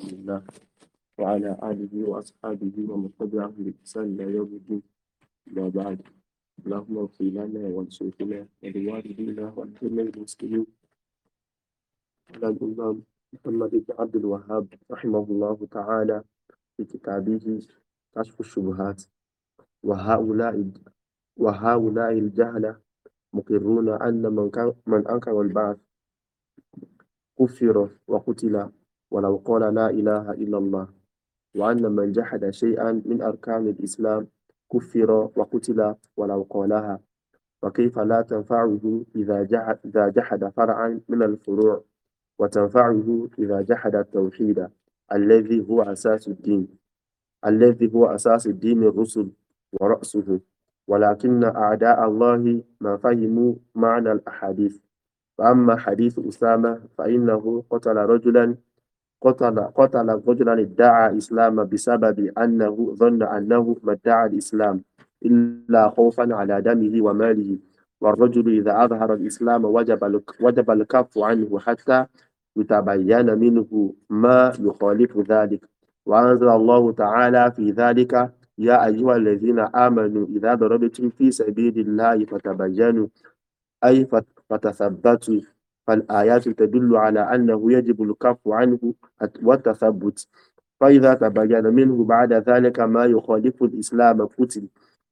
الله وعلى آله وأصحابه ومن تبعهم بإحسان إلى يوم الدين ما بعد اللهم اغفر لنا وانصرنا ولوالدينا وانصرنا للمسلمين على الإمام محمد بن عبد الوهاب رحمه الله تعالى في كتابه كشف الشبهات وهؤلاء وهؤلاء الجهلة مقرون أن من, من أنكر البعث كفر وقتل ولو قال لا إله إلا الله وأن من جحد شيئا من أركان الإسلام كفر وقتل ولو قالها وكيف لا تنفعه إذا جحد, إذا جحد فرعا من الفروع وتنفعه إذا جحد التوحيد الذي هو أساس الدين الذي هو أساس الدين الرسل ورأسه ولكن أعداء الله ما فهموا معنى الأحاديث فأما حديث أسامة فإنه قتل رجلا قتل قتل رجلا ادعى الإسلام بسبب أنه ظن أنه ما ادعى الإسلام إلا خوفا على دمه وماله والرجل إذا أظهر الإسلام وجب وجب الكف عنه حتى يتبين منه ما يخالف ذلك وأنزل الله تعالى في ذلك يا أيها الذين آمنوا إذا ضربتم في سبيل الله فتبينوا أي فتثبتوا فالآيات تدل على أنه يجب الكف عنه والتثبت فإذا تبين منه بعد ذلك ما يخالف الإسلام قتل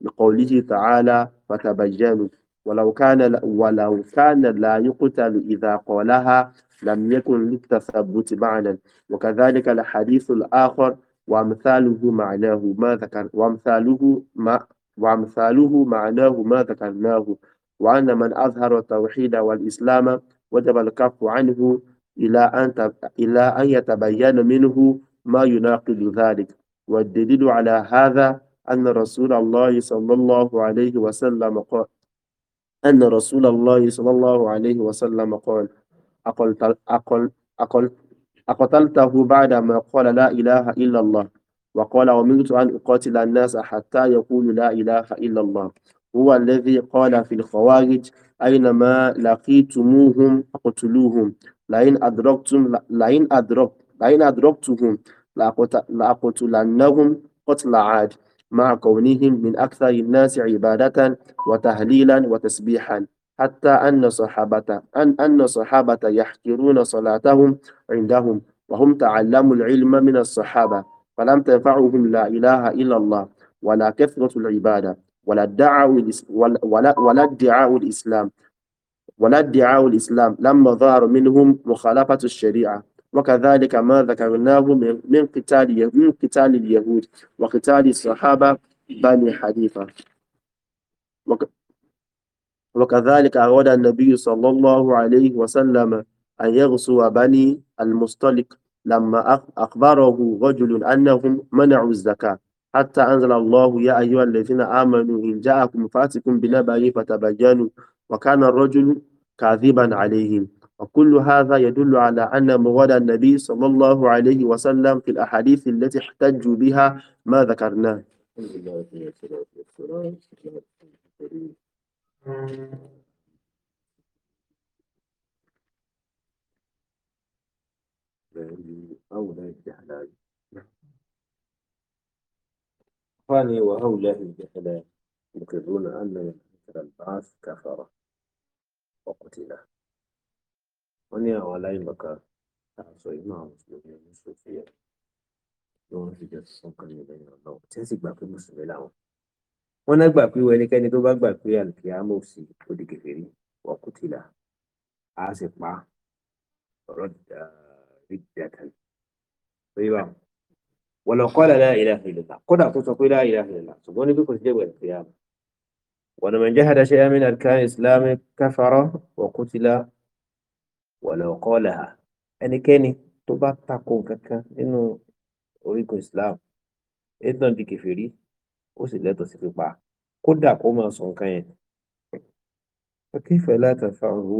لقوله تعالى فتبينوا ولو كان ولو كان لا يقتل إذا قالها لم يكن للتثبت معنى وكذلك الحديث الآخر وأمثاله معناه ما ذكر وأمثاله ما وأمثاله معناه ما ذكرناه وأن من أظهر التوحيد والإسلام وجب الكف عنه إلى أن تب... إلى أن يتبين منه ما يناقض ذلك والدليل على هذا أن رسول الله صلى الله عليه وسلم قال أن رسول الله صلى الله عليه وسلم قال أقلت أقل أقل أقتلته بعدما قال لا إله إلا الله وقال أمرت أن أقاتل الناس حتى يقولوا لا إله إلا الله هو الذي قال في الخوارج أينما لقيتموهم أقتلوهم لئن أدركتم لئن أدرك لئن أدركتهم لأقتلنهم قتل عاد مع كونهم من أكثر الناس عبادة وتهليلا وتسبيحا حتى أن صحابة أن أن صحابة يحقرون صلاتهم عندهم وهم تعلموا العلم من الصحابة فلم تنفعهم لا إله إلا الله ولا كثرة العبادة ولا ادعوا ولا ولا ادعوا الاسلام ولا ادعوا الاسلام لما ظهر منهم مخالفه الشريعه وكذلك ما ذكرناه من قتال من قتال اليهود وقتال الصحابه بني حنيفه وكذلك أراد النبي صلى الله عليه وسلم أن يغسو بني المصطلق لما أخبره رجل أنهم منعوا الزكاة حتى أنزل الله يا أيها الذين آمنوا إن جاءكم فاسق بنبأ فتبينوا وكان الرجل كاذبا عليهم وكل هذا يدل على أن مراد النبي صلى الله عليه وسلم في الأحاديث التي احتجوا بها ما ذكرناه أولئك قال وهؤلاء جهلا يقرون أن من أنكر البعث كفر وقتل ونيا ولاي مكا تعصوا إمام مسلمين مسلمين lọ́wọ́ fi jẹ́ sọ́kàn ní ìlẹ́yìn ọlọ́run tí wọ́n sì gbà pé mùsùlùmí làwọn. wọ́n náà gbà pé ẹnikẹ́ni tó bá gbà pé àlùkìyámọ̀ sí ó di wọ́n kú tìlà á sì pa ọ̀rọ̀ ah, dídàtà lórí báwọn wọ̀lọ̀ kọ́lá la ilaha illallah kódà kó sọ pé la ilaha illallah ṣùgbọ́n níbi kò sí jẹ́gbẹ̀ẹ́ ìfìyàmù wọ̀nà man jahada shay'an min arkani islami kafara wa qutila wọ̀lọ̀ kọ́lá ẹnikẹ́ni tó bá takò kankan nínú orígun islam ẹ̀dùn di kẹfìrí ó sì lẹ́tọ̀ọ́ sí pípa kódà kó máa sọ nǹkan yẹn. akífẹ́ láti fàrú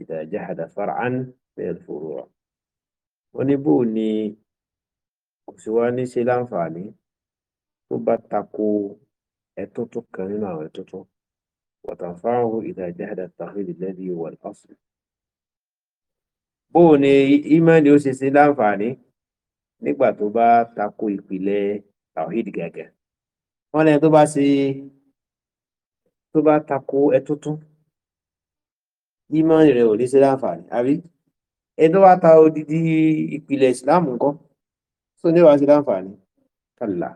idha jahada far'an min al wọn ní bó ni kò sì wá ní ṣe láǹfààní tó bá tako ẹ̀tọ́ tó kan nínú àwọn ẹ̀tọ́ tó wàtàǹfààhù ìdájáde tàhídì lẹ́dí wà lásìkò. bóò ni ìmọ̀lì ó ṣe ṣe láǹfààní nígbà tó bá tako ìpìlẹ̀ tàhídì gàgà wọ́n lẹ́yìn tó bá ṣe tó bá tako ẹ̀tọ́ tó ìmọ̀lì rẹ̀ ò ní ṣe láǹfààní àbí ẹni tó bá ta odidi ìpìlẹ̀ ìsìláàmù nǹkan tó ní wàá ṣe láǹfààní kàlà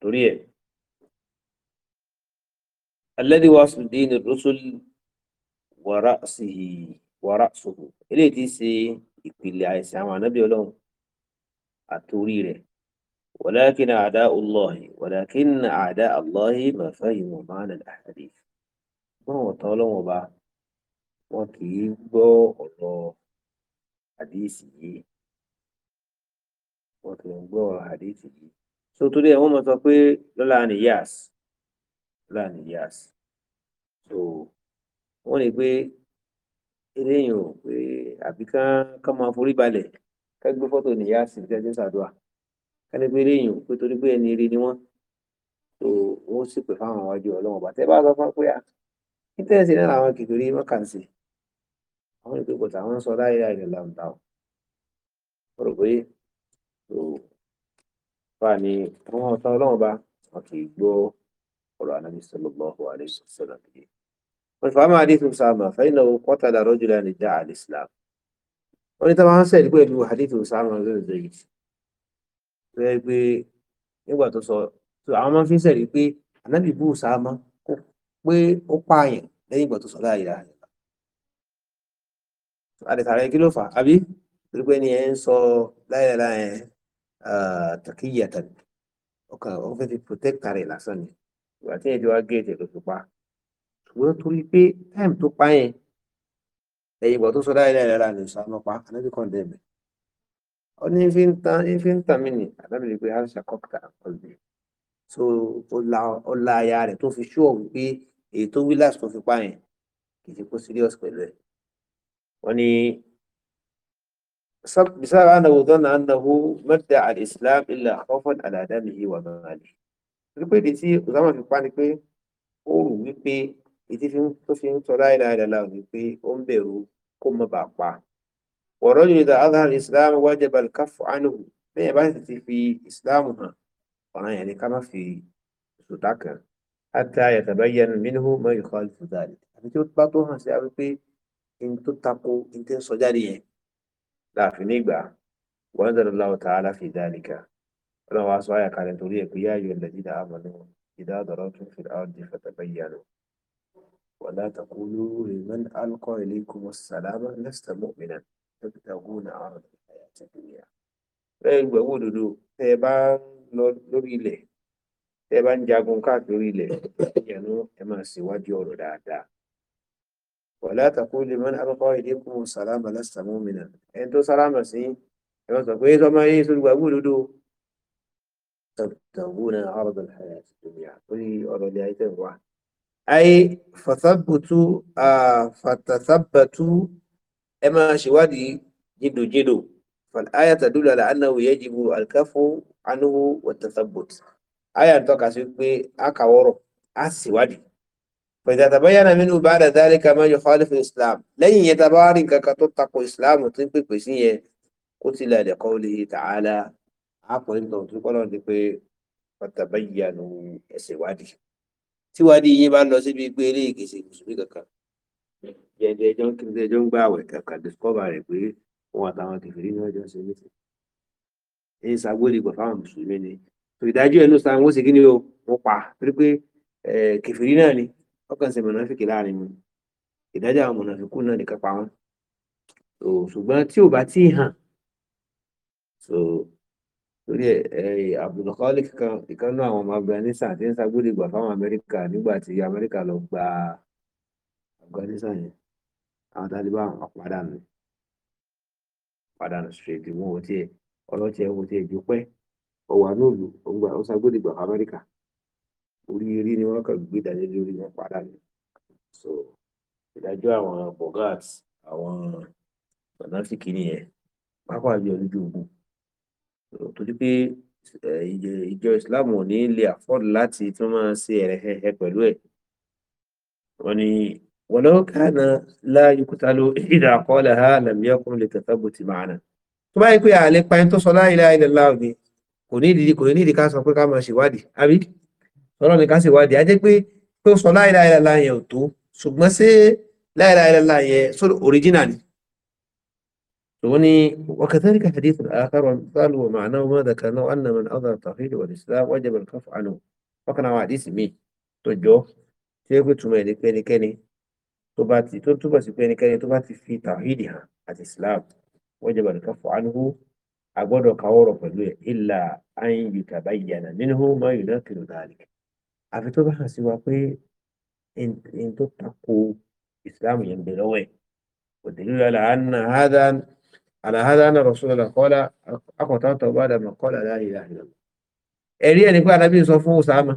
torí ẹ̀. alladhi waslu dini rusul wa ra'sihi wa ra'suhu eléyìí ti ṣe ìpìlẹ̀ àìsàn àwọn ànábì ọlọ́run àtòrí rẹ̀ walakin a'da'u Allahi walakin a'da'u Allahi ma fahimu ma'na al-ahadith gbọ́n ọ̀tọ́ ọlọ́run ọba wọn kì í gbọ́ ọ̀rọ̀ àdìsí yìí wọn kì í gbọ́ àdéhìtì yìí so torí ẹ̀ wọ́n mọ̀ sọ pé lọ́la ni yas lọ́la ni yas so wọ́n ní pé eléyìí ò pé àbí kán kán máa forí balẹ̀ ká gbé fọ́tò ní yas ní ẹjẹ́ sàdúrà ká ní pé eléyìí ò pé torí pé ẹni rí ni wọ́n so wọ́n sì pè fáwọn iwájú ọlọ́wọ́n bàtẹ́ bá sọ fún pé à nítẹ̀sí náà làwọn kékeré mọ́kànsì àwọn ìpínpọ̀ tàwọn sọ láyé àìlè làǹtà ò rò pé fa ni àwọn ọ̀tá ọlọ́run bá wọn kì í gbọ́ ọ̀rọ̀ anábì sallallahu alaihi fà máa dé tó sáàmà fẹ́yìn náà qatala yìí nígbà tó sọ tó àwọn máa fi ń pé anábì bú kó pé ó pààyàn ìgbà tó sọ láàyè kí takiyatan ọkàn ó fẹ́ fi protect ara ẹ̀ lásán ni ìgbà tí ẹ̀jẹ̀ wá gé ẹ̀jẹ̀ ló fi pa ṣùgbọ́n torí pé time tó pa yẹn ẹ̀yìn ìgbà tó sọ láyé láyé lára lè sọ àmọ́ pa anábì kan dẹ̀ mẹ́ ọ ní fi ń tan ní fi ń tan mí nì àbẹ́mi lè pe harsha kọ́kítà ọ̀gbìn so ó la aya rẹ̀ tó fi ṣú ọ̀ wípé èyí tó wí láti tó fi pa yẹn kì í ṣe kó serious pẹ̀lú ẹ̀ wọ́n ní بسبب أنه ظن أنه ما ادعى الإسلام إلا خوفا على دمه وماله wípé ìdí tí Usama fi pa ni pé ó rò wípé ìdí tó fi ń tọ́ láìláìláìlá ò ní pé ó ń bẹ̀rù kó mọ̀ bá pa ọ̀rọ̀ yìí da azhar Islam wajaba al-kaffu anhu bẹ́ẹ̀ bá ti fi Islam hàn ọ̀ràn yẹn ni ká má fi sùdá kan hatta yatabayyana minhu ma yukhalifu dhalik àti tí ó bá tó hàn sí wípé ní tó tako ní tó sọ jáde yẹn láàfin nígbà wọn dẹrọ láwọ tá a láfi ìdánìkà wọn wá sọ àyàká rẹ torí ẹ pé yá ayọ ẹlẹdí náà àmọ ní ìdá àdọrọ tún fi àwọn di fẹtẹfẹ yanu wọn láta kú lórí mẹn alukọ ilé kúmọ sàlámà lẹsítà mọmìnà dókítà gúnà àrùn àyàtì dùnìyà. bẹ́ẹ̀ gbẹ̀wò òdodo tẹ́ ẹ bá ń lọ lórí ilẹ̀ tẹ́ ẹ bá ń jagun káàkiri ilẹ̀ ìyànú ẹ máa ṣèwádìí ọ̀rọ̀ dáadáa wàlá àtàkùn lè mọ́ni àkọ́kọ́ ìdí kún un sàlámà lásàmú mìíràn ẹni tó sàlámà sí ẹ̀rọ sọ pé sọmọ yín sọ gbàgbó òdodo tàbùn àrùn àyà ìdùnnìyà lórí ọ̀rọ̀ ilé ayé tẹ̀ wá. ayé fàtàbùtù fàtàbàtù ẹ máa ṣèwádìí jìndòjìndò fàlàyà tàdúlà làánàwó yẹ jìbù àlùkáfù ànúwò wọ̀tàtàbùtù ayà ń pé a kà ṣèwádìí. فإذا تبين منه بعد ذلك ما يخالف الإسلام لن يتبارك كتطق الإسلام وطبق بسيه قتل لقوله تعالى عقل انت وتقول لك فتبينوا ẹsẹ̀wádìí tíwádìí yín bá lọ síbi pé eléyìí kìí ṣe mùsùlùmí kankan jẹjẹ ẹjọ ń kiri ẹjọ ń gbà àwẹ̀ kankan discover rẹ pé òun àtàwọn kẹfìrí ni wọn jọ ṣe nífẹ̀ẹ́ ẹ ń sagbóòlì gbà fáwọn mùsùlùmí ni tó ìdájọ́ ẹnu sáà wọn ó sì kí ni o wọn pa torí pé kẹfìrí náà ni ọkàn ṣe mọ̀nàfíkì láàrin wọn ìdájọ́ àwọn mọ̀nàfíkù náà nìkan pa wọ́n so ṣùgbọ́n tí ò bá tí ì hàn so torí ẹ Abdulkhalik kan ìkan náà àwọn ọmọ Afghanistan ti ń sagbódegbà fáwọn Amẹ́ríkà nígbà tí Amẹ́ríkà lọ gba Afghanistan yẹn àwọn Taliban ọ̀pádànù padà straight wọn ò tiẹ̀ ọlọ́tiẹ̀ wọn ò tiẹ̀ jù pẹ́ ọwà nóòlù ó sagbódegbà fún orí eré ni wọ́n kàn gbé ìdájọ́ lórí wọn padà ní so ìdájọ́ àwọn bogat àwọn fanatiki nìyẹn pápá àjọ lójú ogun torí pé ìjọ islam ò ní lè afford láti tún máa ṣe ẹ̀rẹ̀hẹ̀hẹ̀ pẹ̀lú ẹ̀ wọ́n ní wọ́lọ́ kánà láàyè kúta ló ìdá àkọọ́lẹ̀ ha làmìyàkùn lè tẹ̀fẹ́ bó ti máa nà tó bá yẹ pé àlẹ́ pa ẹni tó sọ láìláìlẹ̀ láàbì kò ní ìdí kò ní ìdí ká sọ pé ká máa ṣèwádìí àbí ọlọ́run ní ká sì wádìí á jẹ́ pé tó sọ láìláìlá yẹn ò tó ṣùgbọ́n ṣé láìláìlá yẹn sọ òríjìnà ni توني وكذلك حديث آخر قال ومعناه ما ذكرناه أن من أظهر التوحيد والإسلام وجب الكف عنه وكان حديث مي تجو تيكو تمالي كني كني تباتي تباتي كني كني تباتي في توحيدها الإسلام وجب الكف عنه أقول كورو فلوه إلا أن يتبين منه ما ينكر ذلك àfi tó bá hàn sí wa pé n tó tako ìsìláàmù yẹn bẹ̀rẹ̀ lọ́wọ́ ẹ̀ kò dé lórí àlàáhánà hádán àlàáhánà rasulullah qala aqta'tu ba'da ma qala la ilaha illallah ẹ̀rí ẹ̀ ní pé anábì sọ fún Usama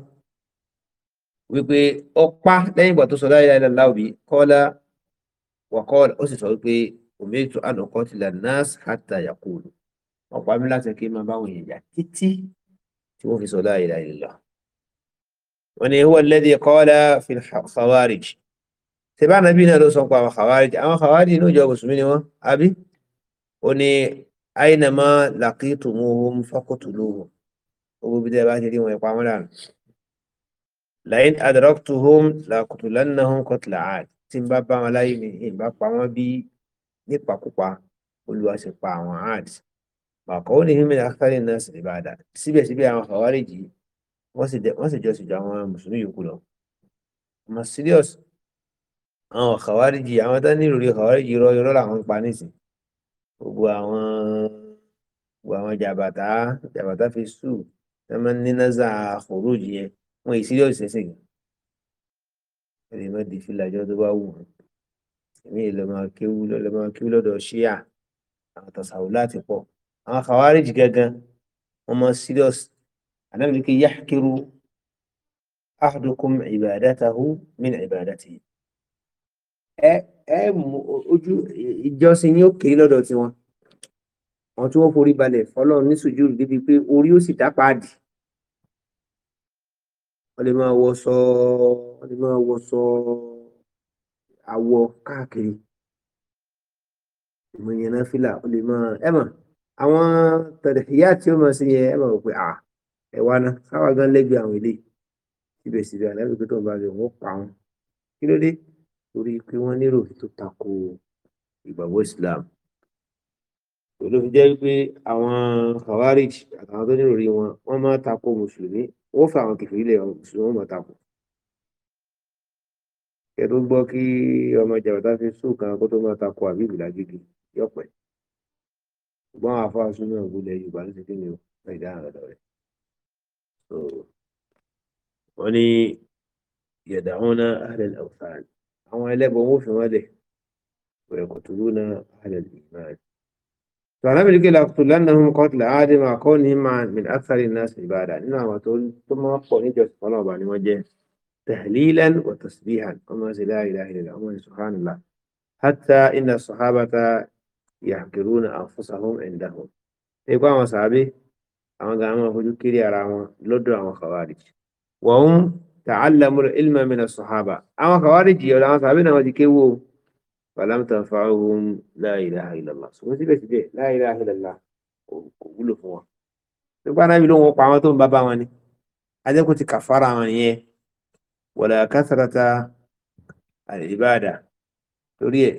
wípé ọpá lẹ́yìn ìgbà tó sọ la ilaha illallah òbí qala wa qala ó sì sọ wípé umirtu an uqatila an-nas hatta yaqulu ọ̀pá mi láti máa báwọn èèyàn títí tí wọ́n fi sọ la ilaha illallah wọ́n ni huwa alladhi qala fi khawarij ṣe bá nàbí náà ló sọ pé àwọn khawarij àwọn khawarij ní ìjọ mùsùlùmí ni wọ́n àbí ó ní aynama laqitumuhum faqtuluhum owó bí dẹ́ bá ṣe rí wọn ìpa wọn dànù la'in adraktuhum laqtulannahum qatla tí n bá bá wọn láyé mi n bá pa wọn bí nípakúpa olúwa sì pa àwọn 'ad màkà ó ní hímẹ̀ akthari an-nas ibada síbẹ̀síbẹ̀ àwọn khawarij yìí wọ́n sì jọ sì jọ àwọn mùsùlùmí yòókù lọ ọmọ serious àwọn kàwáríjì àwọn tó ní ìròrí kàwáríjì irọ́ irọ́ làwọn ń pa nísìn gbogbo àwọn gbogbo àwọn jàbàtà jàbàtà fi sù ẹ máa ń ní nasa kòrójì yẹn wọn yìí serious ẹsẹ̀ gan ẹ lè má di fìlàjọ tó bá wù wọn èmi yìí lọ máa kéwú lọ máa kéwú lọ́dọ̀ ṣíà àwọn tàṣàwù láti pọ̀ àwọn kàwáríjì gangan wọn máa serious ànábì ní kí yahkiru ahadukum ibadatahu min ibadatihi ẹ ẹ mú ojú ìjọsìn yóò kéré lọ́dọ̀ tiwọn àwọn tí wọ́n forí balẹ̀ fọ́lọ́run ní sùjúrù débi pé orí ó sì dápáàdì wọ́n lè máa wọṣọ wọ́n lè máa wọṣọ àwọ káàkiri ìmọ̀ ìyẹn náà fìlà wọ́n lè máa ẹ àwọn tẹ̀lẹ̀ ìyá tí ó máa ṣe yẹn ẹ mọ̀ pé à ẹ̀wà náà sáwà gan lẹ́gbẹ̀ẹ́ àwọn ilé síbẹ̀síbẹ̀ àlẹ́bí pé tó ń bá lè wọ́n pa wọn kí ló dé torí pé wọ́n nírò tó tako ìgbàgbọ́ Islam pẹ̀lú fi jẹ́ pé àwọn khawarij àtàwọn tó nírò rí wọn wọ́n máa tako mùsùlùmí wọ́n fa àwọn kìfìrí lẹ̀ mùsùlùmí wọ́n máa tako kẹ tó gbọ́ kí ọmọ jàbàtà fi sùn kan kó tó máa tako àbíbù lágídí yọpẹ́ ṣùgbọ́n àfáàsùn náà gbọ́dọ̀ Yorùbá ló ti kí ni ó ẹ̀dá àrẹ̀dọ̀ rẹ̀. ولي يدعون أهل الأوثان هم على بومو في ماله ويقتلون أهل الإيمان فأنا لك لأقتلنهم قتل عاد مع كونهم من أكثر الناس عبادة إنما تقول ثم وقفوا نجوا الصلاة بعد وجه تهليلا وتسبيحا وما لا إله إلا الله سبحان الله حتى إن الصحابة يحقرون أنفسهم عندهم إيه قام صحابي àwọn gan máa fojú kiri ara wọn lọ́dọ̀ àwọn khawarij wọ́n ń ta'allamul ilma mina sahaba àwọn khawarij ọ̀dọ̀ àwọn sàbẹ̀ náà wọ́n ti kéwò falam tanfa'uhum la ilaha illallah ṣùgbọ́n síbẹ̀síbẹ̀ la ilaha illallah kò wúlò fún wọn. nípa náà bí ló ń wọ́pọ̀ àwọn tó ń bá bá torí ẹ̀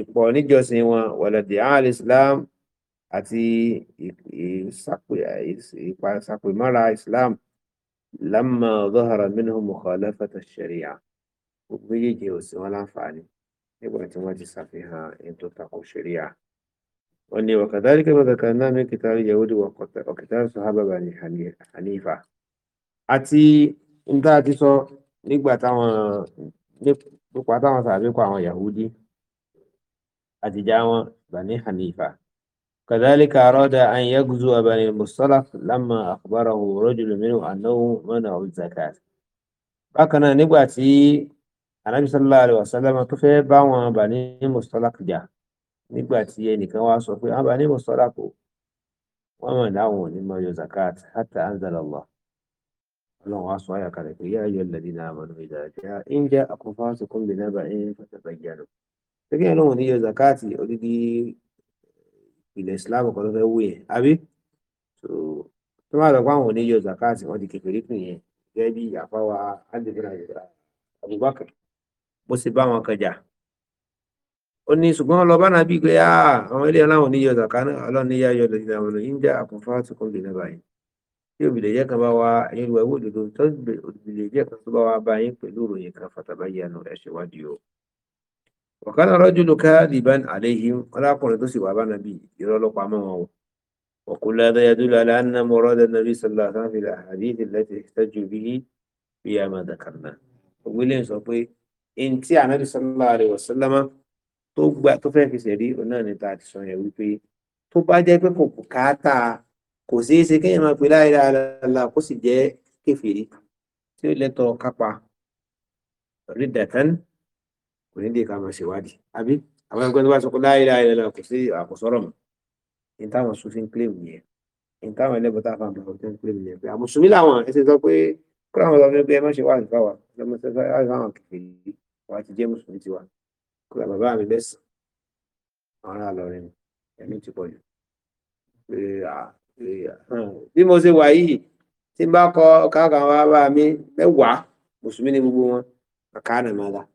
ìpọ̀ níjọsìn wọn wala di'al islam àti ìsàpèmọ́ra Islam lámà zahara minhu mukhalafata sharia gbogbo méjèèjì ò sí wọn láǹfààní nígbà tí wọ́n ti ṣàfihàn ètò tako sharia wọ́n ní wakadhalika dhakarna min kitabi yahudi wa kitabi sahaba bani hanifa àti n tá a ti sọ nígbà táwọn nípa táwọn sàbíkọ àwọn yahudi àtijọ́ wọn bani hanifa كذلك أراد أن يغزو بني المصطلق لما أخبره رجل منه أنه منع الزكاة bákan nígbà tí anabi sallallahu alayhi wa sallam tó fẹ́ bá wọn bani mustalak jà nígbà tí ẹnìkan wá sọ pé àwọn bani mustalak o wọn mọ láwọn ò ní mọ yọ zakat hatta anzala allah Ọlọ́run wa sọ ayà kalẹ̀ pé yā ayyuhalladhīna āmanū idhā jā'akum in jā'akum fāsiqun bi naba'in fatabayyanu gẹ́gẹ́ lóhùn ní yọ zakat odidi ilẹ̀ islam kan tó fẹ́ wò yẹn àbí tó má lọ pé àwọn oníyọ zakat wọn di kékeré pè yẹn gẹ́gẹ́ bí àfáwà adébínà yorùbá abubakar bó ṣe bá wọn kan jà ó ní ṣùgbọ́n ọlọ́ba náà bí pé àwọn ilé aláwọ̀ oníyọ zakat náà ọlọ́run níyà yọ lọ́dún àwọn ọ̀nà yín jẹ́ àkùnfà tó kún lè lẹ́bàá yìí tí òbílẹ̀ jẹ́ kan bá wa ẹ̀yin ìwà ìwé òdodo tó òbílẹ̀ jẹ́ kan tó bá wa bá pẹ̀lú ìròyìn kan fàtàbáyé ẹnu ẹ̀ṣẹ̀wádìí o ọ̀kan náà rọ́jú ló ká liban aléhìm ọlákùnrin tó sì wà bá nàbí irọ́ wọn o وكل هذا يدل على أن مراد النبي صلى الله عليه وسلم في الأحاديث التي احتج به فيها ما ذكرنا ويلين sọ pé in tí Ànábì sallallahu alaihi wasallam tó gbà tó fẹ́ fi sẹ̀rí ọ̀nà ni ta ti sọ yẹn wípé tó bá jẹ́ pé kò bùkátà kò ṣeé ṣe kéèyàn máa pe la kò ní dé ká máa ṣèwádìí àbí àwọn ẹgbẹ́ tó bá sọ pé láyé láyé lọ kò sí àkọsọ́rọ̀ mọ́ ní táwọn sùn fi ń claim yẹn ní táwọn ẹlẹ́bọ̀ tá a fa àbàwọ̀ tó ń claim yẹn pé àmùsùnmí làwọn ẹ ti sọ pé kúrò àwọn ọmọ ẹgbẹ́ ẹ má ṣe wá nípa wa lọ́mọ sẹ́fẹ́ láti fáwọn kìkì wa ti jẹ́ mùsùlùmí tiwa kúrò bàbá mi lẹ́sìn àwọn ará ẹ̀mí ti pọ̀ jù bí mo ṣe wà yìí tí n bá kọ káàkiri àwọn mi mẹ́wàá mùsùlùmí ni gbogbo wọn kàkà náà máa dáa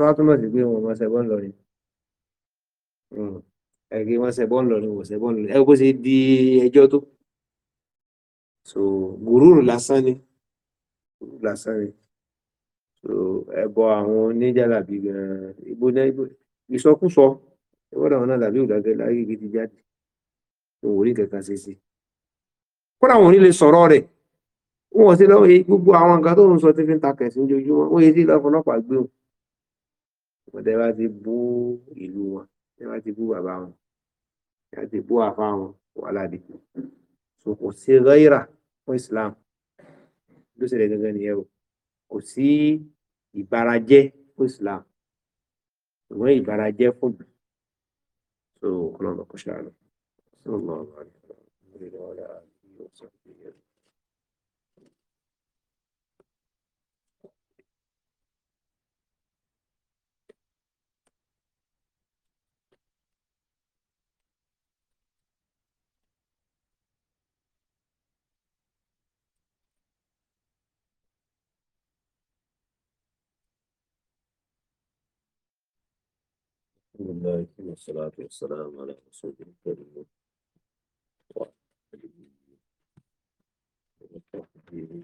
tó wá túmọ̀ sí pé wọn mọ ṣẹbọ́n hmm. lọ́rin ẹ̀rí wọn ṣẹbọ́n lọ́rin wò ṣẹbọ́n lọ́rin ẹ̀ bó di ẹjọ́ tu. so guru lásán ni lásán ni so ẹbọ àwọn oníjàlábí gan-an ibo náà ìsọkúsọ ìwọ́dà wọn náà làbí òdàgẹ́ láyé gidi jáde òun ò rí kankan ṣe sí kódà wọn ò ní lè sọ̀rọ̀ rẹ̀ wọn ò sí lọ́wọ́ gbogbo àwọn nǹkan tó ń sọ tí fi ń ta kẹ̀sìn ojoojúmọ́ wọn èyí sí lọ́fọlọ́pàá gbé wọn wọn tẹ́ bá ti bú ìlú wọn tẹ́ bá ti bú bàbá wọn tẹ́ bá ti bú àfa wọn wàhálà dé so kò sí rẹ́yìrà fún Islam ló ṣẹlẹ̀ gangan nìyẹn o kò sí ìbarajẹ́ fún Islam ṣùgbọ́n ìbarajẹ́ fún mi so ọlọ́run kò ṣàánú sọ́nà الحمد لله والصلاة والسلام على رسول الكريم وعلى آله وصحبه